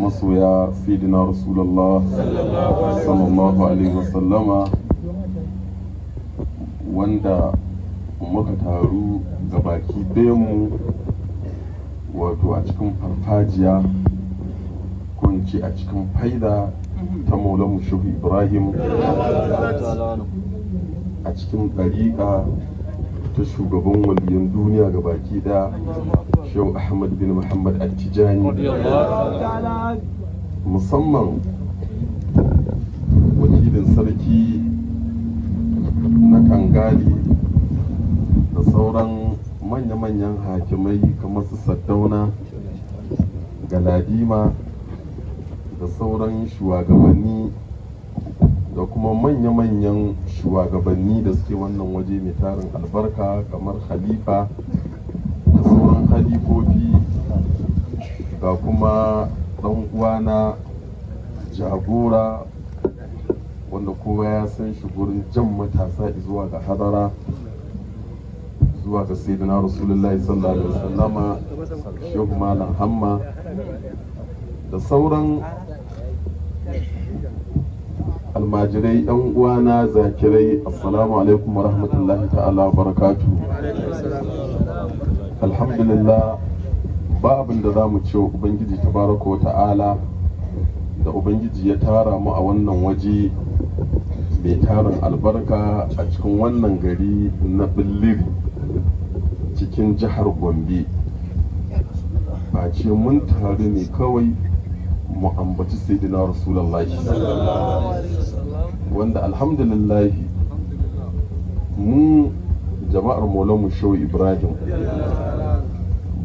masoya sayyidina rasulullah sallallahu alaihi wasallama wanda muka taru ga baki mu wato a cikin farfajiya ko in ce a cikin faida ta maulamu shehu ibrahim a cikin ɗariƙa ta shugaban waliyan duniya ga baki daya shehu ahmad bin muhammad attijani musamman wakilin sarki na kangali da sauran manya-manyan hakimai kamar su saddauna galadima da sauran shugabanni da kuma manya-manyan shugabanni da suke wannan waje mai tarin albarka kamar khalifa da sauran halifofi ga kuma ɗan uwana jagora wanda kowa ya san shi gurin jan matasa zuwa ga hadara zuwa ga sayyidina rasulullahi sallallahu alaihi salama shehu malam hamma da sauran almajirai yan uwana zakirai assalamu alaikum wa rahmatullahi ta'ala wa barakatu alhamdulillah ba abin da za mu ce ubangiji tabaraka wa ta'ala da ubangiji ya tara mu a wannan waje mai tarin albarka a cikin wannan gari na billiri cikin jihar gombe ba ce mun taru ne kawai mu ambaci sayyidina rasulullahi wanda alhamdulillah mu jama'ar maulanmu shehu ibrahim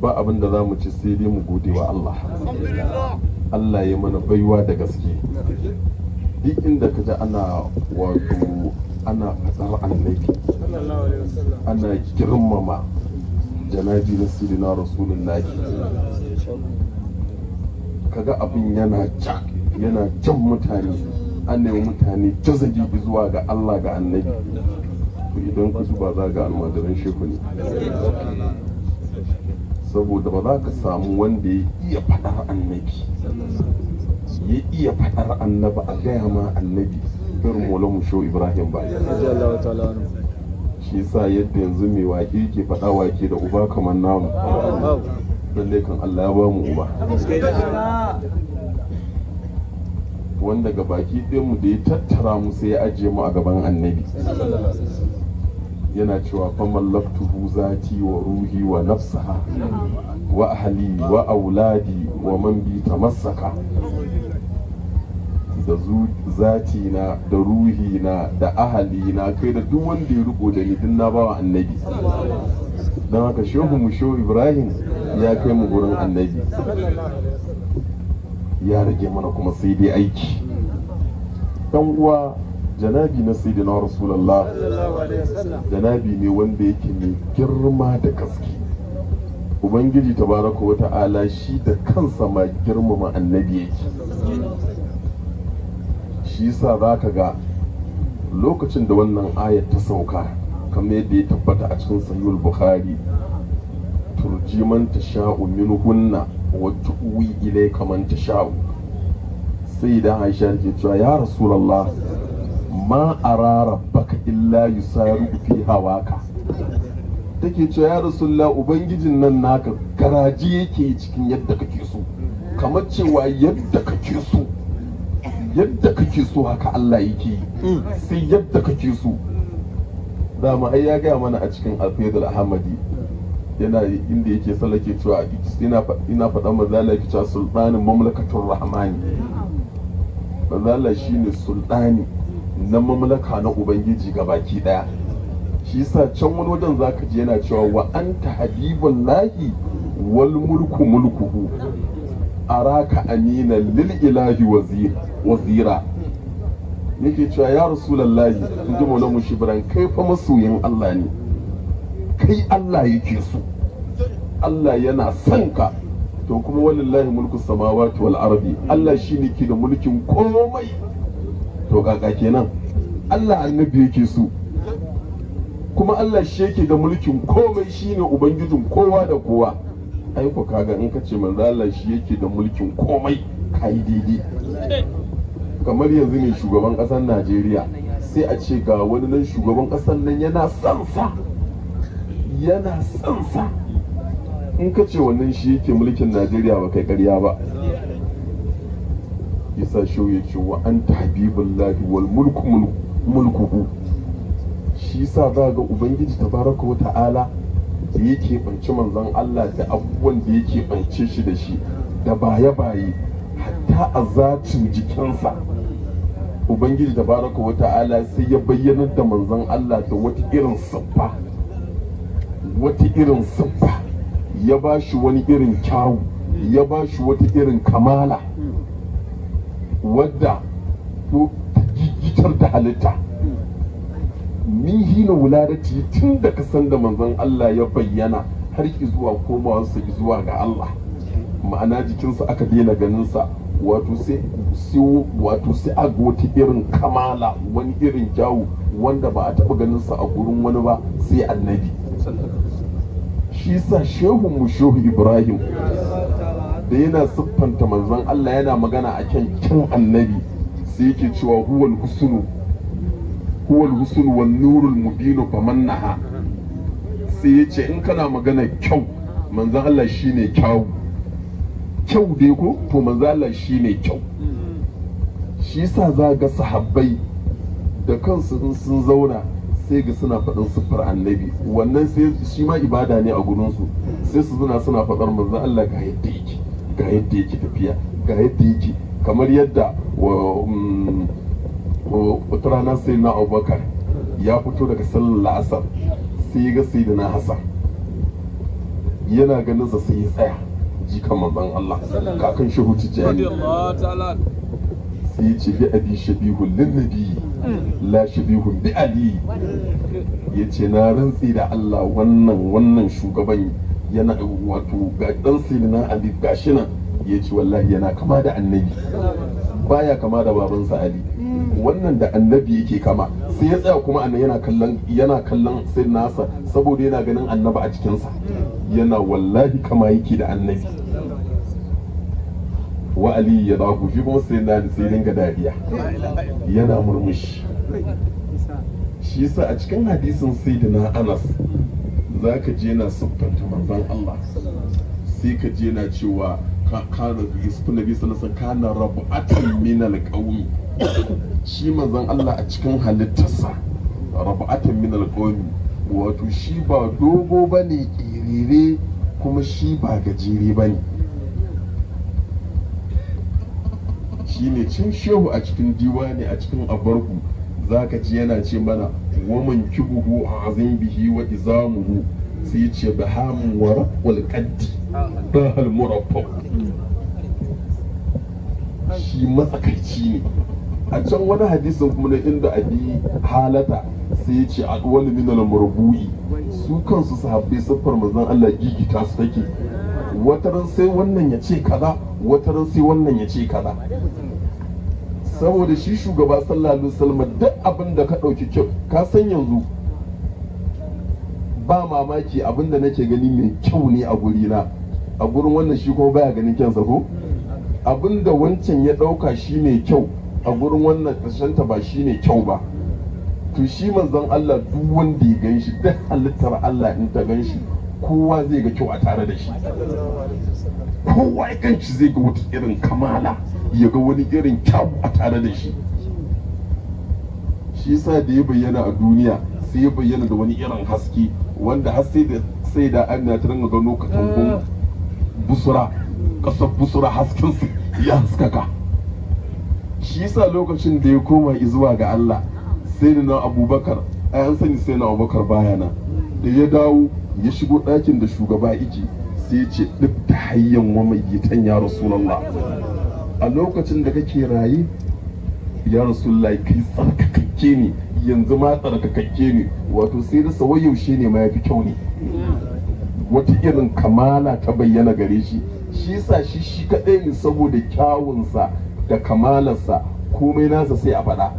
ba abin da za mu ci sai dai mu gode wa allah allah ya mana baiwa da gaske duk inda ka ji ana wato ana faɗar annabi ana girmama janaji na sidina rasulullahi kaga abin yana ja yana jan mutane an nemi mutane jazagi zuwa ga Allah ga annabi idan ku zuba za ga almajiran sheku ne saboda ba za ka samu wanda ya iya faɗar annabi ya iya faɗar annabi a gaya ma annabi irin mola musho ibrahim ba shi sa yadda yanzu mai wake ke faɗa wake da uba kamar namu lalle kan Allah ya ba mu uba wanda ga baki mu da ya tattara mu sai ya ajiye mu a gaban annabi yana cewa fa laftuhu zati wa ruhi wa nafsaha wa ahli wa auladi wa man bi tamassaka da zati na da ruhi na da ahali na kai da duk wanda ya riko da ni din na bawa annabi don haka shehu mu shehu ibrahim ya kai mu gurin annabi ya rage mana kuma sai dai aiki dan uwa janabi na sayyidina rasulullah janabi ne wanda yake mai girma da gaske ubangiji tabaraka wa ta'ala shi da kansa ma girmama annabi yake shi yasa zaka ga lokacin da wannan ayat ta sauka kamar yadda ya tabbata a cikin sahihul bukhari turji man sha'u minhunna wa tu'wi ilayka man sha'u? sai da Aisha ke cewa ya Rasulullah ma ara rabbaka illa yusaru fi hawaka take cewa ya Rasulullah ubangijin nan naka garaji yake cikin yadda kake so kamar cewa yadda kake so yadda kake so haka Allah yake sai yadda kake so dama ai ya gaya mana a cikin alfaidul ahmadi yana inda yake sallake cewa ina faɗa mazala yake cewa sultanin mamlakatun rahmani mazala shi ne sultani na mamlaka na ubangiji ga baki ɗaya. shi sa can wani wajen zaka ji yana cewa wa ta habibun lahi wal mulku mulkuhu araka amina lil ilahi wazira yake cewa ya rasulallahi in ji maulan mushibran kai fa masoyin Allah ne kai Allah yake so Allah yana son ka to kuma wallahi mulku samawati wal ardi Allah shine ke da mulkin komai to kaka kenan Allah annabi yake so kuma Allah shi yake da mulkin komai shine ubangijin kowa da kowa ai ku kaga in ka ce manzo Allah shi yake da mulkin komai kai daidai kamar yanzu ne shugaban kasar Najeriya sai a ce ga wani nan shugaban kasar nan yana son sa yana son sa in ka ce wannan shi yake mulkin najeriya ba kai karya ba isa shau ya ce wa an tabibullahi wal mulku mulkuhu shi sa za ga ubangiji tabaraka wa ta'ala da yake banci manzan Allah da abubuwan da yake bance shi da shi da baya baye hatta a zatin jikinsa ubangiji tabaraka wa ta'ala sai ya bayyanar da manzan Allah da wata irin sabba wata irin siffa ya ba shi wani irin kyawu ya ba shi wata irin kamala wadda to jijitar da halitta min hina wuladati tun da ka san da manzon Allah ya bayyana har ki zuwa komawarsa zuwa ga Allah ma'ana jikinsa aka daina ganinsa wato sai wato sai a goti irin kamala wani irin jawo wanda ba a taɓa ganinsa a gurin wani ba sai annabi shi sa shehun mu shehu ibrahim da yana siffanta manzon Allah yana magana a kan kin annabi sai yake cewa huwal husnu huwal husnu wan nurul mubinu famannaha sai ya in kana magana kyau manzon Allah shine kyau kyau dai ko to manzon Allah shine kyau shi sa za ga sahabbai da kansu sun zauna sai ga suna faɗin siffar annabi wannan sai shi ma ibada ne a gurinsu sai su suna suna faɗar manzon Allah ga yadda yake ga yadda yake tafiya ga yadda yake kamar yadda mm, wata rana sai na abubakar ya fito daga sallar la'asar sai ga sai da na hasa yana ganin sa sai ya tsaya ji kan manzon Allah kakan hutu jayi sai ya ce bi abi shabihul linnabi la shabihun bi ali yace na rantsi da Allah wannan wannan shugaban yana wato ga dan silina ali gashi nan yace wallahi yana kama da annabi baya kama da babansa ali wannan da annabi yake kama sai ya tsaya kuma annabi yana kallon yana kallon sai nasa saboda yana ganin annabi a cikinsa yana wallahi kama yake da annabi wa ali ya daku shi wasu sai na sai dinga dariya yana murmushi shi yasa a cikin hadisin sayyidina Anas zaka je na sabbanta manzon Allah sai ka je na cewa ka kana yusuf nabi sallallahu alaihi kana rabu'atin min alqawmi shi manzon Allah a cikin halittarsa rabu rabu'atin min alqawmi wato shi ba dogo bane kirire kuma shi ba gajere bane shine cin shehu a cikin ne a cikin abarku ka ci yana ce mana woman kibuhu a azin bihi wa izamuhu sai ce hamun wa rabbul qaddi bahal murabbab shi matsakaici ne a can wani hadisin kuma na inda abi halata sai ce a wani minal buyi. su kansu sahabbai siffar manzon Allah gigita su take wataran sai wannan ya ce kaza wataran sai wannan ya ce kaza saboda shi shugaba sallallahu alaihi wasallam duk abin da ka ɗauki kyau ka san yanzu ba mamaki abin da nake gani mai kyau ne a gurina a gurin wannan shi kuma baya ganin kyansa ko abin da wancan ya ɗauka shi ne kyau a gurin wannan ƙarshenta ba shi ne kyau ba to shi manzon Allah duk wanda ya gan shi duk halittar Allah in ta ganshi. kowa zai ga kyau a tare da shi kowa ya kanci zai ga wata irin kamala ya ga wani irin kyau a tare da shi shi sa da ya bayyana a duniya sai ya bayyana da wani irin haske wanda har sai da sai da an ta ringa gano katangun busura kasar busura haskensu ya haskaka shi sa lokacin da ya koma zuwa ga Allah sai da na abubakar 'yan sani sai na abubakar bayana da ya dawo ya shigo ɗakin da shugaba iji sai ce duk ta hayyan wa mai gitan ya rasulallah a lokacin da kake raye ya rasulallah kai tsarkakakke ne yanzu ma tsarkakakke ne wato sai da wai yaushe ne ma ya fi kyau ne wata irin kamala ta bayyana gare shi shi sa shi shi kaɗai ne saboda kyawunsa da kamalarsa komai nasa sai a faɗa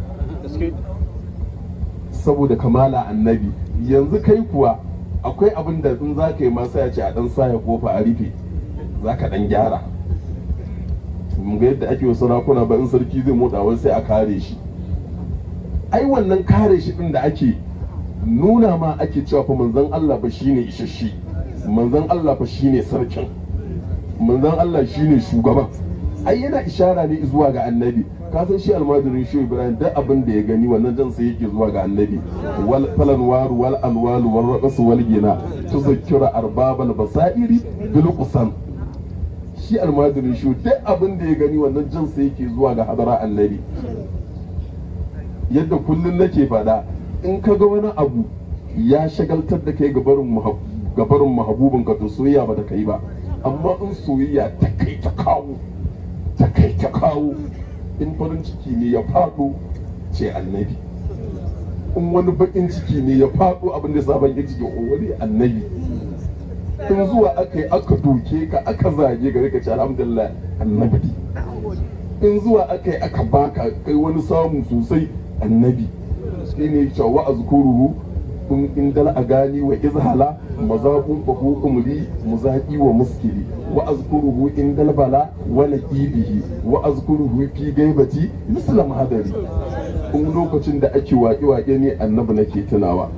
saboda kamala annabi yanzu kai kuwa akwai abin da in za ka yi masa ya ce a ɗan saya kofa a rufe za ka ɗan gyara ga yadda ake wasu rakuna ba in sarki zai motsa wani sai a kare shi ai wannan kare shi ɗin da ake nuna ma ake cewa fa manzan Allah ba shine isasshe manzan Allah shi shine sarkin manzan Allah shine shugaban ai yana ishara ne zuwa ga annabi ka san shi almajirin shi ibrahim duk abin da ya gani wannan jan sai yake zuwa ga annabi wal falan war wal alwalu wal raqas wal gina tuzakkira arbabal basairi bil qusam shi almajirin shi duk abin da ya gani wannan jan sai yake zuwa ga hadara annabi yadda kullun nake faɗa in ka ga wani abu ya shagaltar da kai gabarin gabarin mahabubin ka to soyayya ba ta kai ba amma in soyayya ta kai ta kawo ta kai ta kawo in farin ciki ne ya faɗo ce annabi in wani baƙin ciki ne ya faɗo abin da sabon ya ciki wani annabi in zuwa aka yi aka doke ka aka zage gare ka ce alhamdulillah annabi in zuwa aka yi aka baka kai wani samu sosai annabi shi ne cewa a kun indal a gani wa izhala mazaqun bahu mu muzaqi wa muskili wa azkuruhu indal bala wa laqibihi wa azkuruhu fi gaibati muslim hadari kun lokacin da ake waƙe-waƙe ne annabi nake tunawa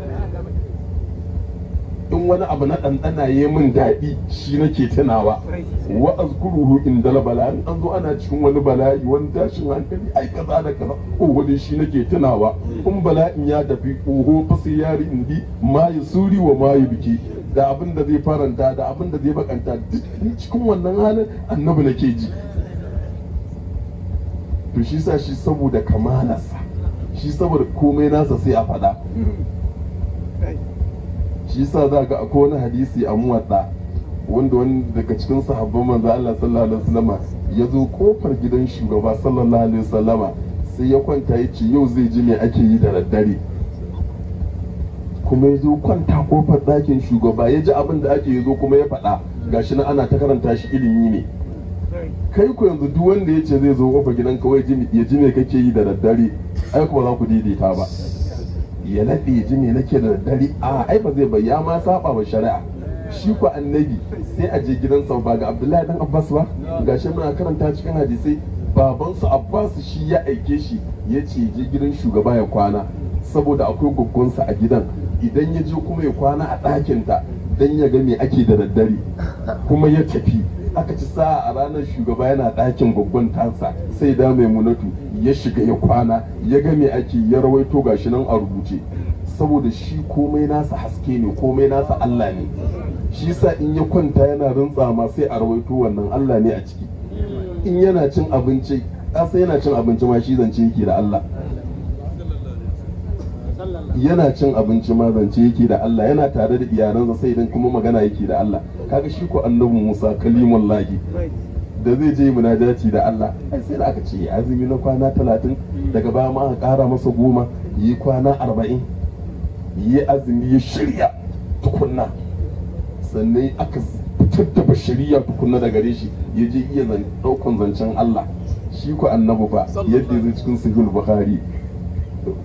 in wani abu na ɗanɗana ya min daɗi shi nake tunawa wa azkuruhu in dala bala an zo ana cikin wani bala'i wani tashin hankali ai kaza da kaza ko wani shi nake tunawa in bala'in ya tafi oho fa yari in bi ma suri wa ma biki da abin da zai faranta da abin da zai bakanta duk cikin wannan halin annabi nake ji to shi sa shi saboda kamalarsa shi saboda komai nasa sai a faɗa hmm. shi yasa za ga akwai wani hadisi a muwadda wanda wani daga cikin sahabban manzo Allah sallallahu alaihi wasallama ya zo kofar gidan shugaba sallallahu alaihi wasallama sai ya kwanta ya ce yau zai ji me ake yi da daddare kuma ya zo kwanta kofar ɗakin shugaba ya ji abin da ake yi zo kuma ya faɗa gashi na ana ta karanta shi ilimi ne kai ku yanzu duk wanda ya ce zai zo kofar gidan kawai ya ji me kake yi da daddare ai kuma za ku daidaita ba ya naɗe ji me nake da dare a ai ba zai bai ya ma saba ba shari'a shi ku annabi sai a je gidansa ba ga abdullahi dan abbas ba gashi muna karanta cikin hadisai babansu abbas shi ya aike shi ya ce je gidan shugaba ya kwana saboda akwai guggunsa a gidan idan ya je kuma ya kwana a ɗakinta dan ya ga me ake da daddare kuma ya tafi aka ci sa'a a ranar shugaba yana ɗakin gugun tansa sai da mai munatu ya shiga ya kwana ya ga me ake ya rawaito gashi nan a rubuce saboda shi komai nasa haske ne komai nasa Allah ne shi sa in ya kwanta yana rintsa ma sai a rawaito wannan Allah ne a ciki in yana cin abinci kasa yana cin abinci ma shi zance yake da Allah yana cin abinci ma zance yake da Allah yana tare da iyalansa sai idan kuma magana yake da Allah kaga shi ko annabi Musa kalimullahi da zai je daci da Allah ai sai aka ce azumi na kwana talatin daga baya ma aka kara masa goma yi kwana arba'in yi azumi ya shirya tukunna sannan aka fitar shirya tukunna da gare shi ya je iya daukan zancen Allah shi ku annabi ba yadda zai cikin sahih bukhari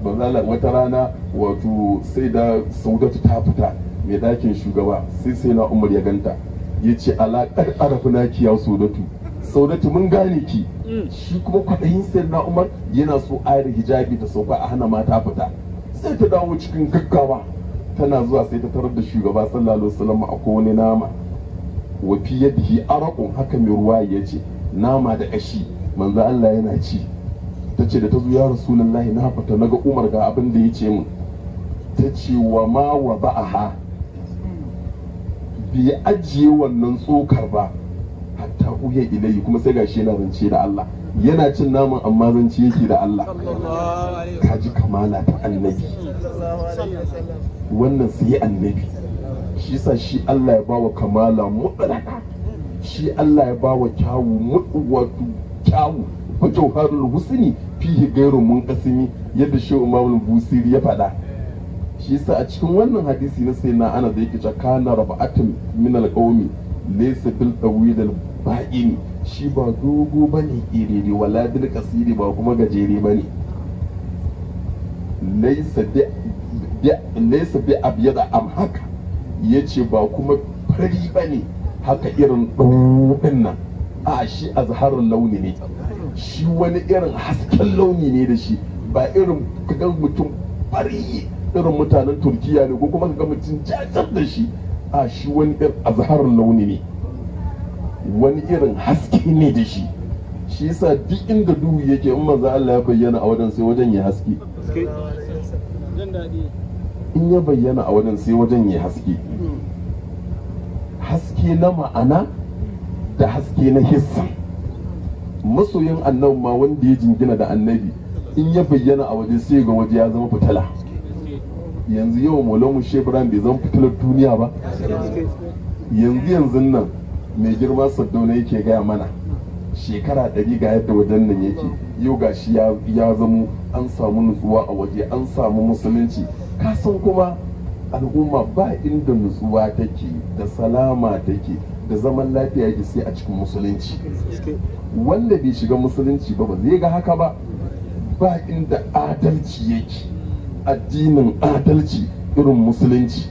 bazala wata rana wato sai da saudatu ta fita mai dakin shugaba sai sai na umar ya ganta ya ce alaƙar na kiyar saudatu saudatu mun gane ki mm. shi kuma kwaɗayin sayar na umar yana so ayar hijabi ta sauka a hana mata fita sai ta dawo cikin gaggawa tana zuwa sai ta tarar da shugaba sallallahu alaihi wasallam a kowane nama wa fi yadihi araqun haka mai ruwa ya ce nama da kashi manzo Allah yana ci ta ce da ta zo ya rasulullahi na fita naga umar ga abin da ya ce min ta ce wa ma wa ba'aha mm. bi ajiye wannan tsokar ba hatta uya ilayi kuma sai gashi yana zance da Allah yana cin naman amma zance yake da Allah kaji kamala ta annabi wannan sai annabi shi sa shi Allah ya bawa kamala mutsala shi Allah ya bawa kyawu wato kyawu wa jawharul husni fihi gairu kasimi yadda shi Imam Busiri ya faɗa shi sa a cikin wannan hadisi na sayyidina Anas da yake cewa kana rafa'atun min al laysa fil tawil al ba'in shi ba dogo bane irere wala dil qasiri ba kuma gajere bane laysa bi laysa bi abyada am haka yace ba kuma fari bane haka irin ɗin nan a shi azharul launi ne shi wani irin hasken launi ne da shi ba irin kaga mutum fari irin mutanen turkiya ne ko kuma kaga mutum jajar da shi a shi wani irin azharin launi ne wani irin haske ne da shi shi yasa duk inda duhu yake in manzo Allah ya bayyana a wajen sai wajen ya haske in ya bayyana a wajen sai wajen ya haske haske na ma'ana da haske na hissa masoyin annabi ma wanda ya jingina da annabi in ya bayyana a waje sai ga waje ya zama fitila yanzu yau maulamu shebran bai zan fitilar duniya ba yanzu yanzu nan mai girma saddauna yake gaya mana shekara ɗari ga yadda wajen nan yake yau ga shi ya zamo an samu nutsuwa a waje an samu musulunci kasan kuma al'umma ba inda nutsuwa take da salama take da zaman lafiya yake sai a cikin musulunci wanda bai shiga musulunci ba ba zai ga haka ba ba inda adalci yake addinin adalci irin musulunci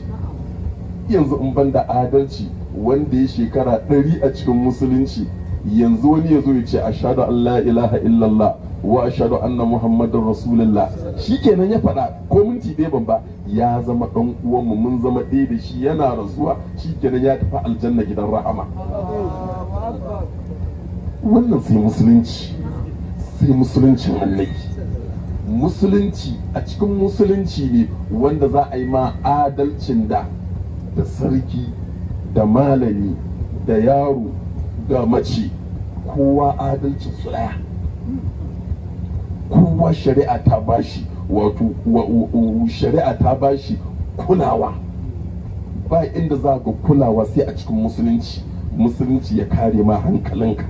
yanzu in banda adalci wanda ya shekara ɗari a cikin musulunci yanzu wani ya zo ya ce ashadu Allah ilaha illallah wa ashadu anna muhammadin rasulullah shi kenan ya faɗa ko minti ɗaya ban ba ya zama ɗan uwanmu mun zama ɗaya da shi yana rasuwa shi kenan ya tafi aljanna gidan rahama wannan sai musulunci sai musuluncin annabi musulunci a cikin musulunci ne wanda za a yi ma adalcin da da sarki da malami da yaro da mace kowa adalcin su daya kowa shari'a ta bashi wato shari'a ta bashi kulawa ba inda za ga kulawa sai a cikin musulunci musulunci ya kare ma hankalinka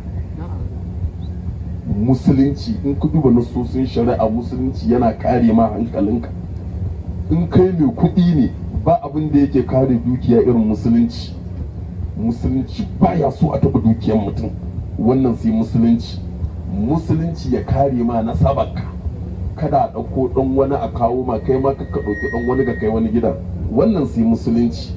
musulunci in ka duba nasosin shari'a musulunci yana kare ma hankalinka in kai mai kuɗi ne ba abin da yake kare dukiya irin musulunci musulunci ba ya so a taɓa dukiyar mutum wannan sai musulunci musulunci ya kare ma na sabanka kada a ɗauko ɗan wani a kawo ma kai ma ka ɗauki ɗan wani ga kai wani gida wannan sai musulunci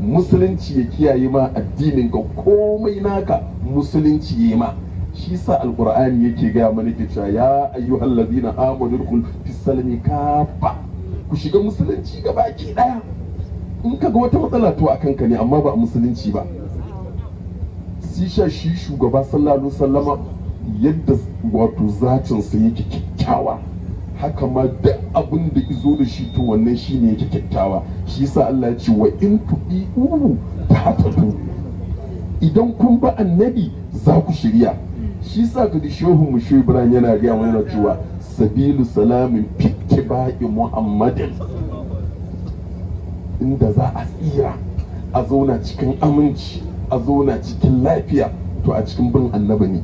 musulunci ya kiyaye ma addinin ka komai naka musulunci ya yi ma shi sa alqur'ani yake gaya mana ke cewa ya ayyuhal ladina amanu dukul fis salmi kafa ku shiga musulunci ga baki daya in ka ga wata matsala to a kanka ne amma ba a musulunci ba sisha shi shugaba sallallahu sallama yadda wato zacinsa yake kyakkyawa haka ma duk abin da izo da shi to wannan shi ne yake kyakkyawa shi sa Allah ya ce wa in tuɗi ta hatatu idan kun ba annabi za ku shirya shi sa ka da shehu mu shehu ibrahim yana gaya mana cewa sabilu salamin fikke ba'i muhammadin inda za a tsira a zauna cikin aminci a zauna cikin lafiya to a cikin bin annaba ne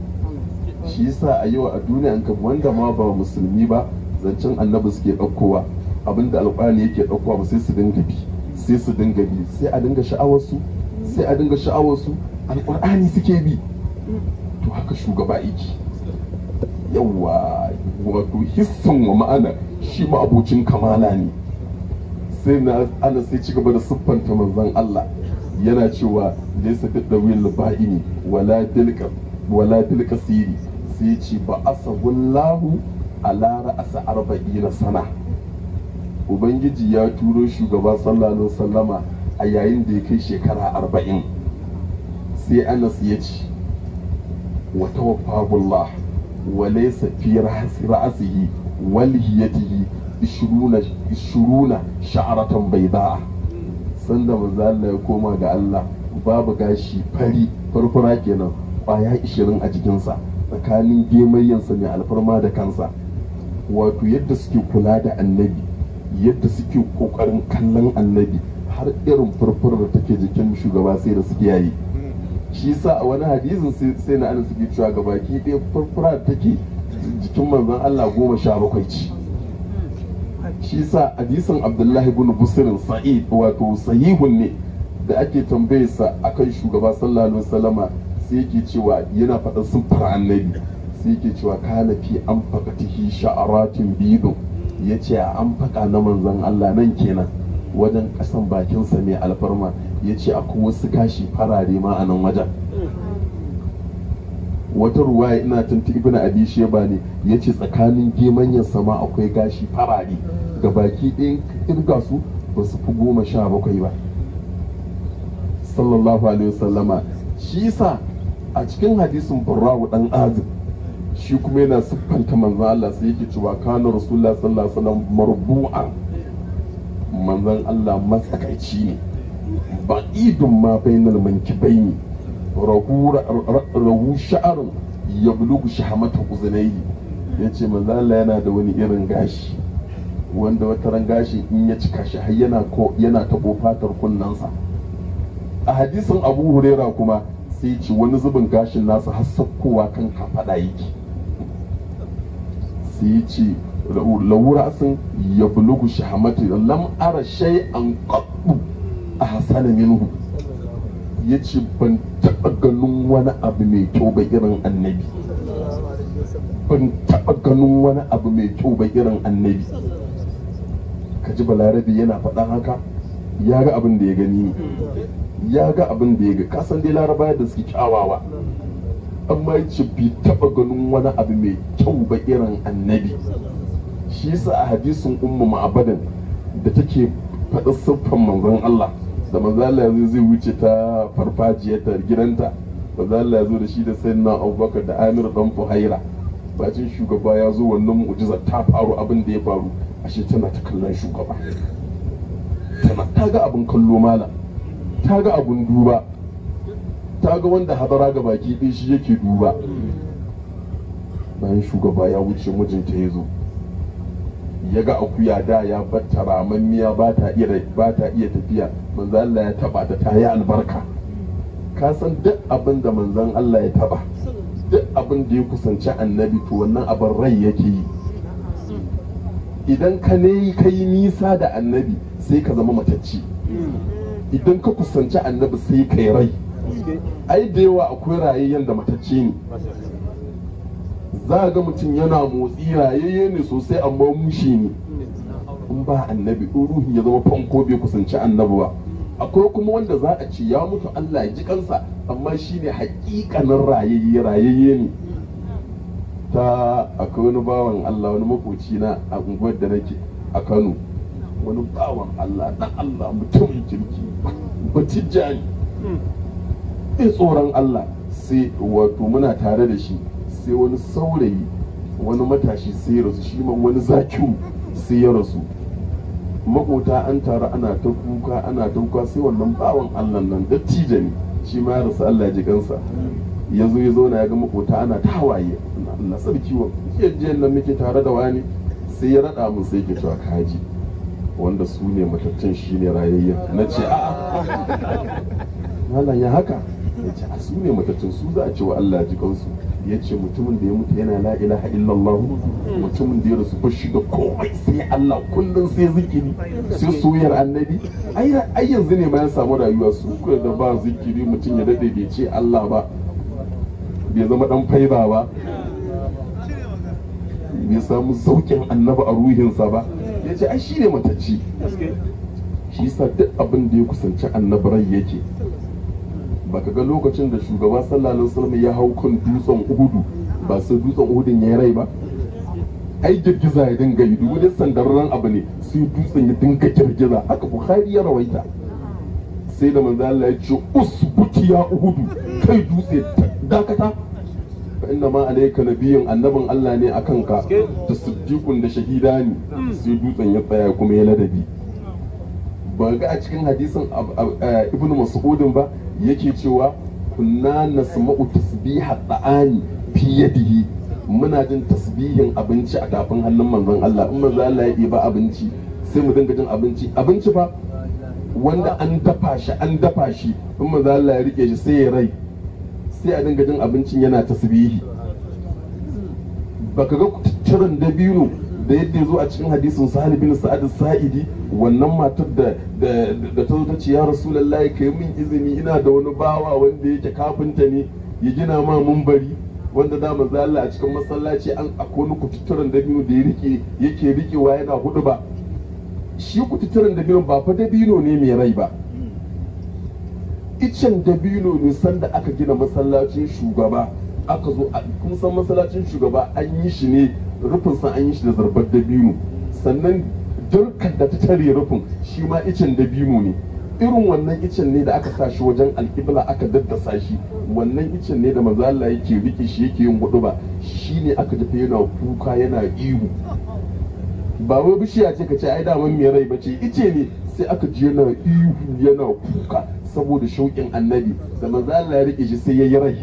shi yasa a yau a duniya an kafa wanda ma ba musulmi ba zancen annabi suke ɗaukowa abinda alƙwani yake ɗaukowa ba sai su dinga bi sai su dinga bi sai a dinga sha'awarsu sai a dinga sha'awarsu alƙur'ani suke bi to haka shugaba yake yawa wato hissan wa ma'ana shi ma abocin kamala ne sai na ana sai ci gaba da siffanta manzon Allah yana cewa ya fi ɗauyin ba'ini wala dilqa wala siri sai ce ba a a sabon lara a ra'asa na sana ubangiji ya turo shugaba sallallahu sallama a yayin da ya kai shekara arba'in sai anas ya ce wa tawaffahu Allah wa laysa fi ra'sihi wa lihiyatihi 20 20 sha'ratan bayda'a sanda manzo Allah ya koma ga Allah babu gashi fari farfara kenan kwaya 20 a jikinsa tsakanin gemayyansa mai alfarma da kansa wato yadda suke kula da annabi yadda suke kokarin kallon annabi har irin farfar da take jikin shugaba sai da suke yayi shi sa a wani hadisin sai na ana suke cewa ga baki ɗaya farfara ta take jikin manzon Allah goma sha bakwai ci shi sa hadisin abdullahi bin busirin sa'id wato sahihun ne da ake tambayarsa akan shugaba sallallahu alaihi wasallama sai yake cewa yana faɗan siffar annabi sai yake cewa kana fi an faka tihi sha'aratin bidon ya ce a an faka na manzon Allah nan kenan wajen kasan bakinsa mai alfarma ya ce akwai wasu kashi farare ma a nan wajen wata ruwaya ina tuntu ibn abi ba ne ya ce tsakanin gemanyan sama akwai gashi farare ga baki ɗin kirga su ba su fi goma sha bakwai ba sallallahu alaihi wasallama shi sa a cikin hadisin burrahu ɗan azib shi kuma yana siffanta manzan Allah sai yake cewa kana rasulullah sallallahu alaihi wasallam marbu'an manzan Allah matsakaici ne ba'idun ma bainal mankibaini rahu rahu sha'arun yablugu shahamata uzunai yace manzo Allah yana da wani irin gashi wanda wata ran gashi in ya cika shi har yana ko yana tabo fatar kunnansa a hadisin Abu Huraira kuma sai ce wani zubin gashin nasa har sakkowa kan kafada yake sai ce lawura sun yablugu shahamata lam ara shay'an qattu a hasana minhu ya ce ban taɓa ganin wani abu mai kyau ba irin annabi ban taɓa ganin wani abu mai kyau ba irin annabi ka ji balarabe yana faɗan haka ya ga abin da ya gani ne ya ga abin da ya ga kasan dai laraba da suke kyawawa amma ya ce bai taɓa ganin wani abu mai kyau ba irin annabi shi yasa a hadisin ummu ma'abadan da take faɗa siffan manzon Allah da manzo Allah yanzu zai wuce ta farfajiyar ta gidanta manzo Allah ya zo da shi da sayyidina Abubakar da Amir dan Fuhaira bacin shugaba ya zo wannan mu'jiza ta faru abin da ya faru ashe tana ta kallon shugaba tana ta ga abin kallo malam ta ga abin duba ta ga wanda hadara ga baki ɗin shi yake duba bayan shugaba ya wuce mijinta ya zo ya ga akuya da ya batta ramammiya ba ta iya ba ta iya tafiya manzo Allah ya taba ta ta yi albarka ka san duk abin da manzon Allah ya taba duk abin da ya kusanci annabi to wannan abin rai yake yi idan ka ne ka yi nisa da annabi sai ka zama matacci idan ka kusanci annabi sai ka yi rai ai da yawa akwai rayayyen da matacci ne za a ga mutum yana motsi rayayye ne sosai amma mushi ne in ba annabi in ruhin ya zama fanko bai kusanci annabi ba akwai kuma wanda za a ce ya mutu Allah ya ji kansa amma ne hakikanin rayayye rayayye ne ta akwai wani bawan Allah wani makoci na a unguwar da nake a Kano wani bawan Allah na Allah mutumin kirki batijani ne hmm. tsoron Allah sai wato muna tare da shi sai wani saurayi wani matashi sai ya rasu shi ma wani zaki sai ya rasu makota an taru ana ta kuka ana ta kuka sai wannan bawan allah nan da ne shi ma ya rasu allah ji kansa ya zo ya zauna ya ga makota ana ta hawaye na sarki wa jiyan nan muke tare da wani sai ya raɗa mun sai ke cewa kaji wanda su ne matattun shi ne rayayyen na ce a malam ya haka ya ce a su ne matattun su za a ce wa allah ji kansu ya ce mutumin da ya mutu yana la ilaha illallah mutumin da ya rasu ba shi da komai sai Allah kullum sai zikiri sai soyayyar annabi ai yanzu ne bayan samu rayuwa su da ba zikiri mutum ya dade bai ce Allah ba bai zama dan faiba ba bai samu saukin annabi a ruhinsa ba ya ce ai shi ne matacci shi sa duk abin da ya kusanci annabi rai yake baka ga lokacin da shugaban sallallahu alaihi wasallam ya hau kan dutsen uhudu ba sai dutsen uhudun ya rai ba ai girgiza ya dinga yi duk wani abu ne sai dutsen ya dinga girgiza haka bukhari ya rawaita sai da manzo Allah ya ce usbuti ya uhudu kai dutse dakata inna ma alayka nabiyyun annabin Allah ne akan ka Siddikun da shahidani hmm. sai dutsen ya tsaya kuma ya ladabi ba ga a cikin hadisin ibnu mas'udin ba yake cewa kunna nasma'u tasbiha ta'ani fi yadihi muna jin tasbihin abinci a tafin hannun manzon Allah in manzon Allah ya ba abinci sai mu dinga jin abinci abinci fa wanda an dafa shi an dafa shi in manzon Allah ya rike shi sai ya rai sai a dinga jin abincin yana tasbihi baka ga da dabino da yadda zo a cikin hadisin sahal bin sa'ad sa'idi wannan matar da da ta zo ta ce ya rasulullahi yi min izini ina da wani bawa wanda yake kafinta ne ya gina ma mumbari wanda da manzo Allah a cikin masallaci an akwai wani da dabino da ya rike yake rikewa yana hudu ba shi da dabino ba fa dabino ne mai rai ba icen dabino ne sanda aka gina masallacin shugaba aka zo a kun san masallacin shugaba an yi shi ne rufin sa an yi shi da zarbar dabino sannan durkan da ta tare rufin shi ma icen dabino ne irin wannan icen ne da aka sa shi wajen alkibla aka daddasa shi wannan icen ne da maza Allah yake rike shi yake yin gudu ba shi ne aka tafi yana kuka yana ihu ba wai bishiya ce ka ce ai daman mai rai bace ice ne sai aka ji yana ihu yana kuka saboda shauƙin annabi da maza Allah ya rike shi sai ya yi rai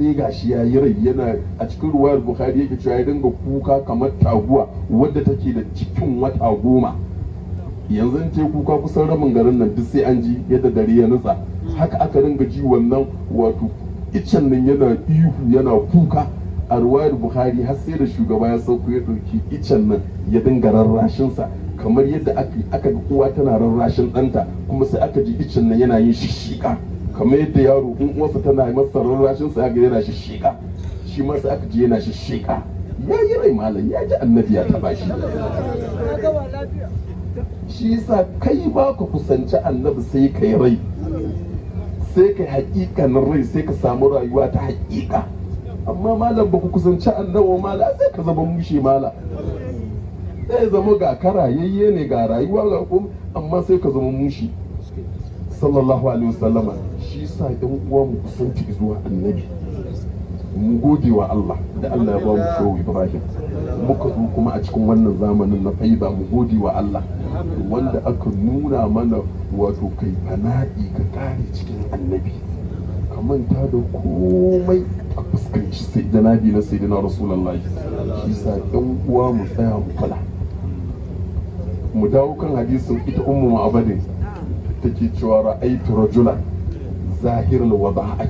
sai ga shi ya yi rai yana a cikin ruwayar bukhari yake cewa ya dinga kuka kamar taguwa wadda take da cikin wata goma yanzu ce kuka kusan rabin garin nan duk sai an ji yadda dare ya nutsa haka aka dinga ji wannan wato iccen nan yana ihu yana kuka a ruwayar buhari har sai da shugaba ya sauko ya ɗauki iccen nan ya dinga rarrashinsa kamar yadda aka ga uwa tana rarrashin ɗanta kuma sai aka ji iccen nan yana yin shishika kamar yadda yaro in uwarsa tana yi masa rarrashin sa ga yana shishika shi masu aka ji yana shishika ya yi rai malam ya ji annabi ya taba shi shi yasa kai ba ka kusanci annabi sai ka yi rai sai ka haƙiƙanin rai sai ka samu rayuwa ta haƙiƙa amma malam ba ku kusanci annabi malam sai ka zama mushe mala zai zama ga karayayye ne ga rayuwa ga kuma amma sai ka zama mushi sallallahu alaihi wasallama sa ɗan uwa mu kusanci zuwa annabi mu gode wa Allah da Allah ya ba mu shehu Ibrahim muka zo kuma a cikin wannan zamanin na faiba mu gode wa Allah wanda aka nuna mana wato kai fana'i ka tare cikin annabi ka manta da komai a fuskanci sai da nabi na sai da rasulullahi shi sa ɗan uwa mu tsaya mu kula mu dawo kan hadisin ita ummu ma'abadin take cewa ra'aitu rajulan zahir wa ta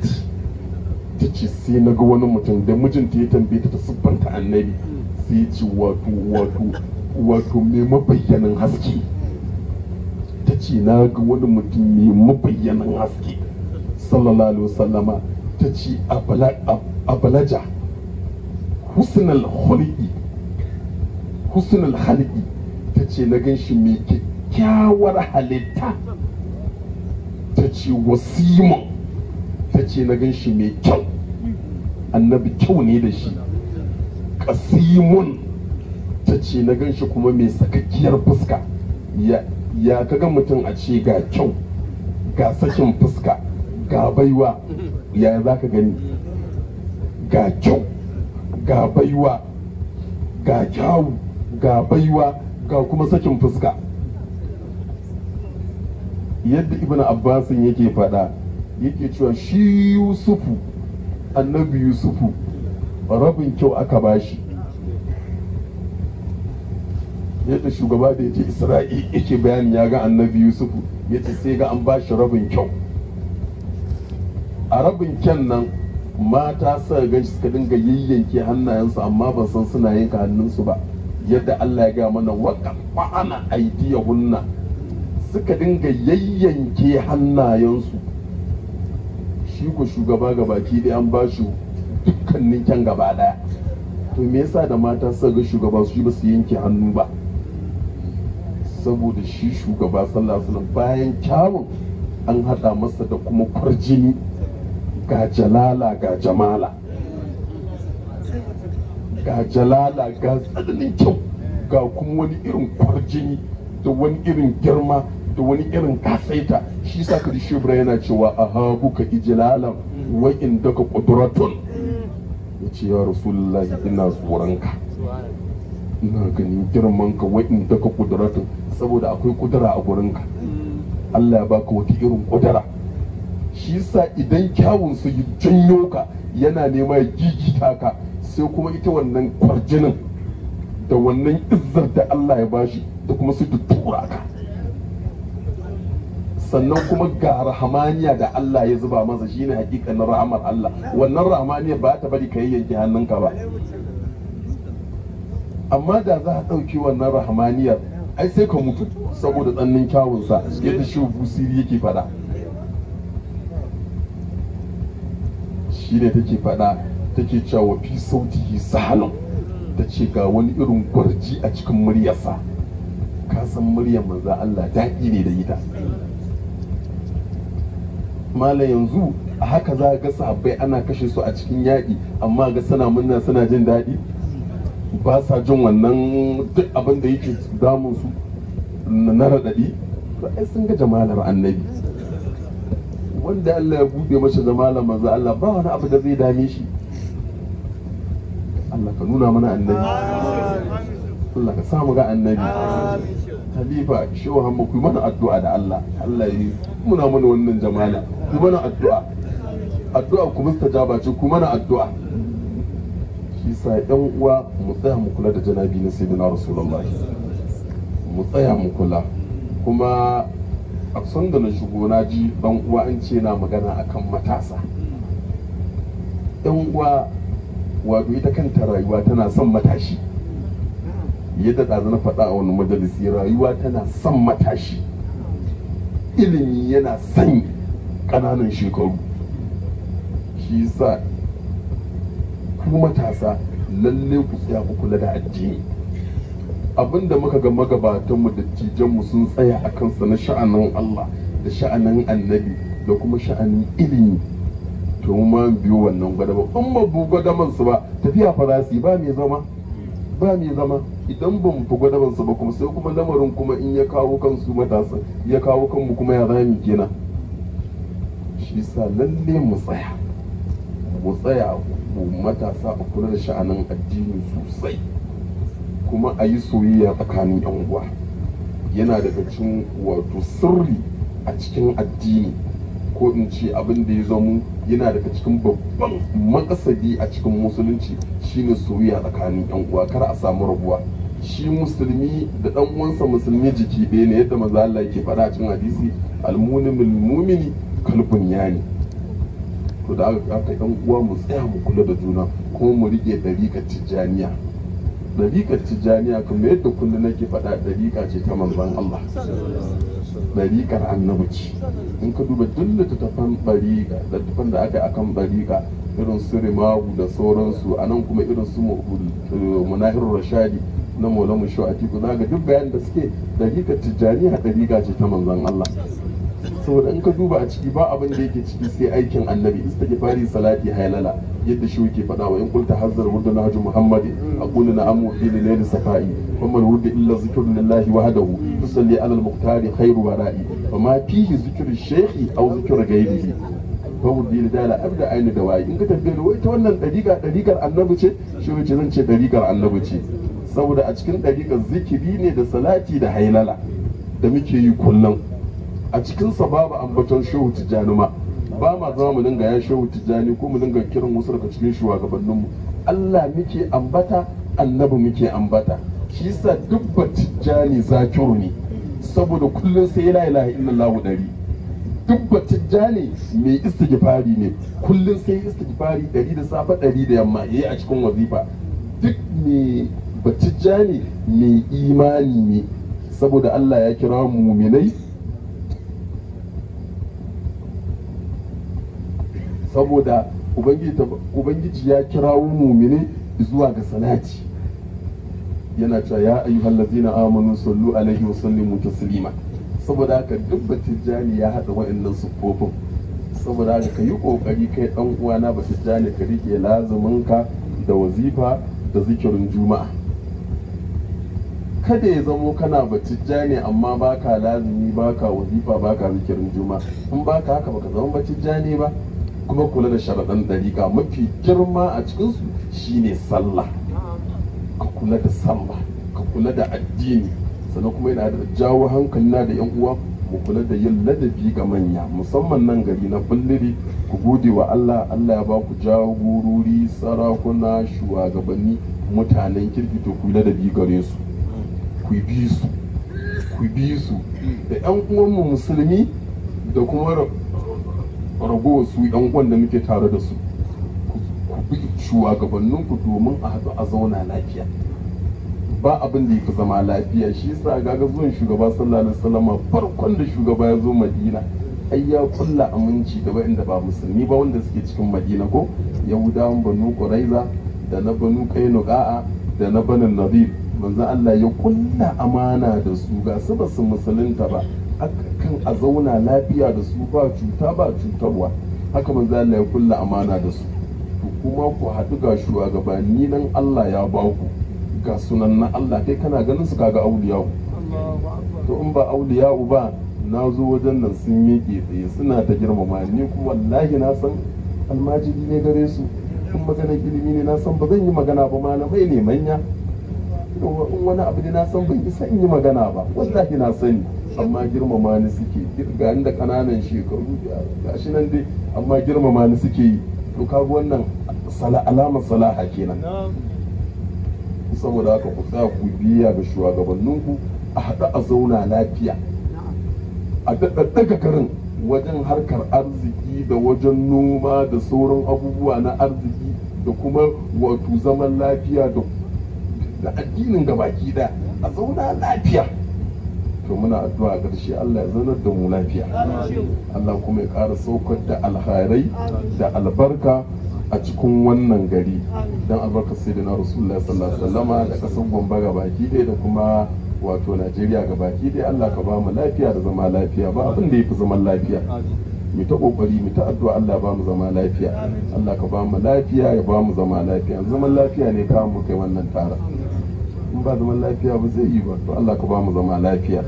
ce sai na ga wani mutum da mijinta ya tambaye ta ta siffanta annabi sai ya ce wato wato wato mai mabayyanin haske ta ce na ga wani mutum mai mabayyanin haske sallallahu alaihi wasallama ta ce abalaja husnul khuliqi husnul khaliqi ta ce na gan shi mai kyakkyawar halitta ce wasima ta ce na gan shi mai kyau annabi kyau ne da shi kasimun ta ce na gan shi kuma mai sakakkiyar fuska ya kaga mutum a ce ga kyau ga sakin fuska ga baiwa ya za ka gani ga kyau ga baiwa ga kyawu ga baiwa ga kuma sakin fuska yadda ibn abbasin yake faɗa yake cewa shi yusufu annabi yusufu rabin kyau aka bashi yadda shugaba da ya ce isra'i yake bayani ya ga annabi yusufu ya sai ga an bashi rabin kyau a rabin kyan nan mata sa gan suka dinga yayyanke hannayensu amma ban san suna yanka hannunsu ba yadda allah ya gaya mana waƙa fa'ana aidiyahunna suka dinga yayyanke hannayensu shi ku shugaba baki da an ba shi dukkanin kyan gaba daya to me yasa da mata suka ga shugaba su ba su yanke hannu ba saboda shi shugaba sallallahu alaihi bayan kyawun an hada masa da kuma kwarjini ga jalala ga jamala ga jalala ga tsananin kyau ga kuma wani irin kwarjini da wani irin girma da wani irin kasaita shi sa ka shibra yana cewa a hagu ka ijilalan wa inda ka kudratun ya ce ya rasulullahi ina tsoronka ina ganin girman ka wa'in ka saboda akwai kudura a gurinka Allah ya baka wata irin kudura shi sa idan kyawun su janyo ka yana nema ya gigita ka sai kuma ita wannan kwarjinin da wannan izzar da Allah ya bashi da kuma su tura ka sannan kuma ga rahamaniya da Allah ya zuba masa shine hakikanin rahmar Allah wannan rahamaniya ba ta bari ka yanke hannunka ba amma da za a ɗauki wannan rahamaniyar ai sai ka mutu saboda tsannin kyawunsa yadda shi busiri yake faɗa shi ne take faɗa take cewa fi sautihi sahalun ta ce ga wani irin gwarji a cikin muryarsa kasan muryar manzo Allah daɗi ne da ita mala yanzu a haka za ga sahabbai ana kashe su a cikin yaƙi amma ga suna murna suna jin daɗi ba sa jin wannan duk abin da yake damun su na raɗaɗi ai sun ga jamalar annabi wanda Allah ya buɗe masa jamalar manzo Allah ba wani abu da zai dame shi Allah ka nuna mana annabi Allah ka samu ga annabi halifa wa hamma kuma na addu'a da Allah Allah yi muna mana wannan jama'a kuma na addu'a addu'a kuma mustajaba ce kuma na addu'a shi sa yan uwa mu tsaya mu kula da janabi na sayyidina rasulullah mu tsaya mu kula kuma a da na shigo na ji ɗan uwa an ce na magana akan matasa yan uwa wato ita kanta rayuwa tana son matashi yadda ɗazu na faɗa a wani majalisi rayuwa tana son matashi ilimi yana son ƙananan shekaru shi sa ku matasa lalle ku tsaya ku kula da addini abinda muka ga magabatanmu da cijanmu sun tsaya a kansa na sha'anin Allah da sha'anin annabi da kuma sha'anin ilimi to mu ma biyo wannan gwada ba in ma bu gwada ba tafiya farasi ba mai zama ba mai zama idan ban fi gwadaban ba kuma sai kuma lamarin kuma in ya kawo kansu matasa ya kawo kanmu kuma ya zami kenan shi sa lalle mu tsaya mu tsaya mu matasa a kula da sha'anin addini sosai kuma a yi soyayya tsakanin yan uwa yana daga cikin wato sirri a cikin addini ko in ce abin da ya zamo yana daga cikin babban makasadi a cikin musulunci shine soyayya tsakanin yan uwa kar a samu rabuwa shi musulmi da dan uwansa musulmi jiki ɗaya ne yadda maza Allah ke faɗa a cikin hadisi almunimul mumini kalbun yani to da aka kai dan uwa mu tsaya mu kula da juna kuma mu rike dariƙar tijjaniya dariƙar tijjaniya kuma yadda kullum nake faɗa dariƙa ce ta manzon Allah dariƙar annabi ce in ka duba duk littattafan dariƙa tafan da aka akan dariƙa irin su rimahu da sauransu a nan kuma irin su eh, munahir rashadi na mola mu shu atiku za ga duk bayan da suke tijjani a dariƙa ce ta manzon Allah saboda in ka duba a ciki ba abin da yake ciki sai aikin annabi fari salati haylala yadda shi yake faɗa wa in kulta hazzar wurdu na hajji a aqulu na amu fi lillahi safai kuma wurdu illa zikru lillahi wahdahu tusalli ala al-muqtari khairu wara'i wa ma fihi zikru shaykhi aw zikru ghayrihi babu dili dala abda aini da wayi in ka tabbata wai ta wannan dariƙa dariƙar annabi ce shi ce zan ce dariƙar annabi ce saboda a cikin ɗariƙa zikiri ne da salati da hailala da muke yi kullum a cikinsa babu ambaton shehu tijjani ma ba ma zama mu dinga ya shehu tijjani ko mu dinga kiran wasu daga cikin shugabanninmu Allah muke ambata annabi muke ambata shi yasa dubba tijjani zakiru ne saboda kullum sai la ilaha illallah dari dubba tijjani mai istighfari ne kullum sai istighfari dari da safa dari da yamma yayi a cikin wazifa duk mai Tijjani mai imani ne saboda Allah ya kira mu muminai saboda ubangiji ya kirawo muminai zuwa ga salati yana cewa ya ayyuhal na amanu sallu alaihi wa sallimu taslima saboda haka duk batijjani ya haɗa waɗannan siffofin saboda haka ka yi ƙoƙari kai dan uwana Tijjani ka rike lazuminka da wazifa da zikirin juma'a kada ya zamo kana cijja ne amma baka lazumi baka wazifa baka zikirin juma in baka haka baka zama cijja ne ba kuma kula da sharaɗan dariƙa mafi girma a cikinsu shine sallah ka kula da samba ka kula da addini sannan kuma yana da jawo hankalina da yan uwa mu kula da yin ladabi ga manya musamman nan gari na bulliri ku gode wa Allah Allah ya ba ku jagorori sarakuna shugabanni mutanen kirki to ku ladabi gare su ku bi su ku bi su da yan uwanmu musulmi da kuma ragowar su yan uwan da muke tare da su ku bi shugabanninku domin a haɗu a zauna lafiya ba abin da yafi zama lafiya shi yasa gaga zuwan shugaba sallallahu alaihi wasallam farkon da shugaba ya zo madina ai ya kulla aminci da waɗanda ba musulmi ba wanda suke cikin madina ko yahudawan banu quraiza da na banu kainuka'a da na banu nadir manzo Allah ya kulla amana da su ga su ba su musulunta ba kan a zauna lafiya da su ba cuta ba cutarwa haka manzo Allah ya kulla amana da su kuma ku haɗu ga shugabanni nan Allah ya ba ku ga sunan na Allah kai kana ganin su kaga auliyawu to in ba auliyawu ba na zo wajen nan sun miƙe tsaye suna ta girmama ni kuma wallahi na san almajiri ne gare su in maganar ilimi ne na san ba zan yi magana ba malamai ne manya to in wani abu da na san ban isa in yi magana ba wallahi na sani amma girmama ni suke ga da kananan shekaru gashi nan dai amma girmama ni suke yi to kaga wannan alamar salaha kenan saboda haka ku ku biya ga shugabanninku a haɗu a zauna lafiya a daɗaɗɗaga karin wajen harkar arziki da wajen noma da sauran abubuwa na arziki da kuma wato zaman lafiya da da addinin gabaki da a zauna lafiya to muna addu'a ƙarshe Allah ya zauna da mu lafiya Allah kuma ya ƙara saukar da alharai da albarka a cikin wannan gari don albarka sai da na rasulullah sallallahu alaihi da kasan gombe ga baki ɗaya da kuma wato najeriya ga baki ɗaya Allah ka ba mu lafiya da zama lafiya ba abin da ya zaman lafiya mu ta kokari mu ta addu'a Allah ba mu zama lafiya Allah ka ba mu lafiya ya ba mu zama lafiya zaman lafiya ne kawo mu kai wannan tara in ba zaman lafiya ba zai yi ba to Allah ka ba mu zama lafiya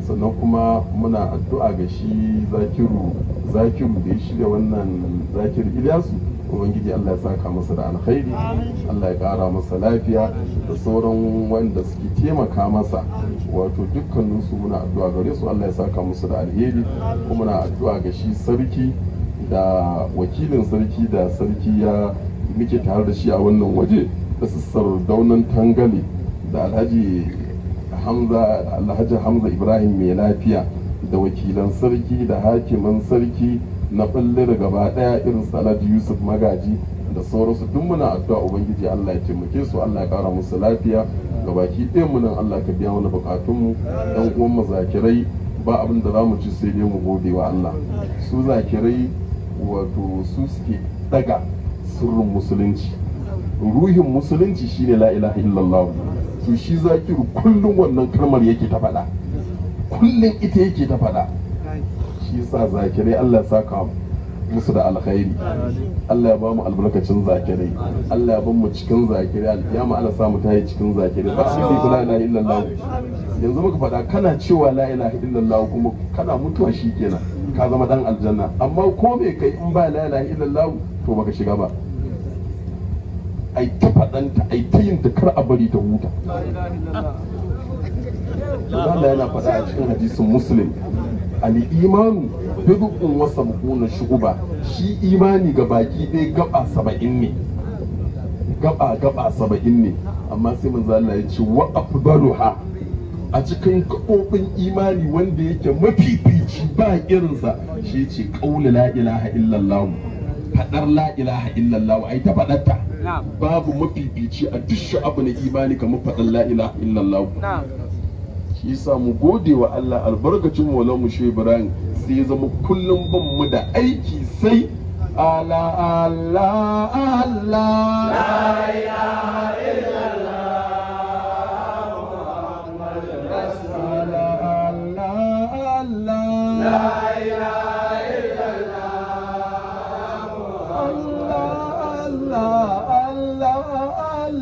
sannan kuma muna addu'a ga shi zakiru zakiru da ya shirya wannan zakiru Ilyasu ubangiji Allah ya saka masa da alkhairi Allah ya kara masa lafiya da sauran wanda suke taimaka masa wato dukkaninsu muna addu'a gare su Allah ya saka musu da alheri kuma muna addu'a ga shi sarki da wakilin sarki da sarki ya muke tare da shi a wannan waje da sassar daunan tangale da alhaji hamza alhaji hamza ibrahim mai lafiya da wakilan sarki da hakiman sarki na da gaba ɗaya irin su yusuf magaji da sauransu duk muna addu'a ubangiji Allah ya taimake su Allah ya kara musu lafiya ga baki ɗayan mu nan Allah ka biya mana bukatun mu dan uwan mu zakirai ba abin da zamu ci sai dai mu gode wa Allah su zakirai wato su suke daga sirrin musulunci ruhin musulunci shine la ilaha illallah to shi zakiru kullum wannan kalmar yake ta faɗa kullum ita yake ta faɗa shi sa zakirai Allah ya saka mu musu da alkhairi Allah ya ba mu albarkacin zakirai Allah ya ba mu cikin zakirai alkiyama Allah sa mu tayi cikin zakirai ba shi ne la ilaha illallah yanzu muka faɗa kana cewa la ilaha illallah kuma kana mutuwa shi kenan, ka zama dan aljanna amma ko me kai in ba la ilaha illallah to baka shiga ba ai ta faɗanta a ta yin da kar a bari ta huta Allah yana faɗa a cikin hadisin muslim al'imanu wasa wa sab'una shu'ba shi imani ga baki ɗaya gaba saba'in ne gaba gaba saba'in ne amma sai manzo Allah ya ce wa afdaluha a cikin gaɓoɓin imani wanda yake mafi mafifici ba irinsa shi ce ƙaula la ilaha illallah faɗar la ilaha illallah ai ta ta babu mafifici a duk sha'aba na imani kamar faɗar la ilaha illallah shi yasa mu gode wa Allah albarkacin wala mu shi Ibrahim sai ya zama kullum ban mu da aiki sai ala ala ala la ilaha illallah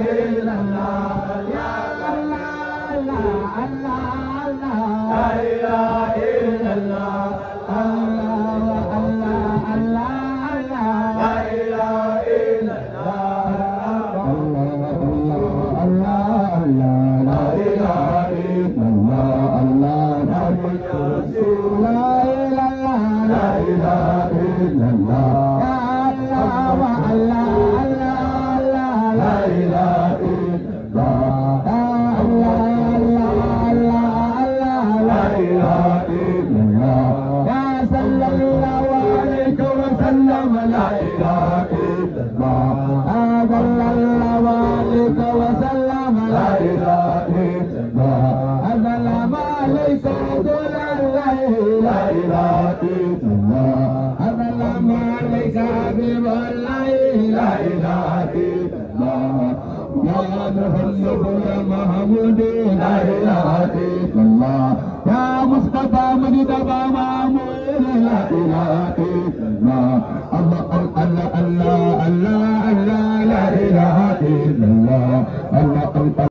ilaha illallah